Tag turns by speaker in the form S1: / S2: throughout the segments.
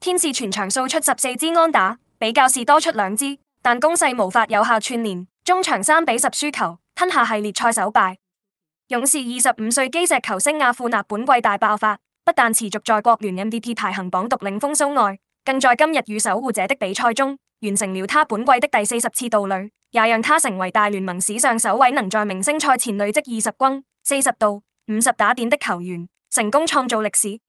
S1: 天使全場掃出十四支安打，比教士多出兩支，但攻勢無法有效串聯。中場三比十輸球，吞下系列賽首敗。勇士二十五歲基石球星亞富納本季大爆發，不但持續在國聯 MVP 排行榜獨領風騷外，更在今日與守護者的比賽中完成了他本季的第四十次盜壘，也讓他成為大聯盟史上首位能在明星賽前累積二十轟、四十盜、五十打點的球員，成功創造歷史。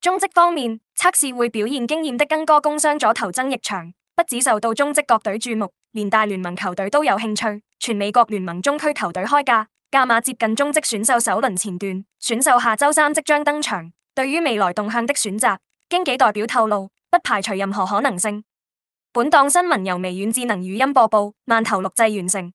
S1: 中職方面。測試會表現驚艷的跟哥工商左投曾逸翔，不止受到中職各隊注目，連大聯盟球隊都有興趣。全美國聯盟中區球隊開價價碼接近中職選秀首輪前段，選秀下周三即將登場。對於未來動向的選擇，經紀代表透露不排除任何可能性。本檔新聞由微軟智能語音播報，慢頭錄製完成。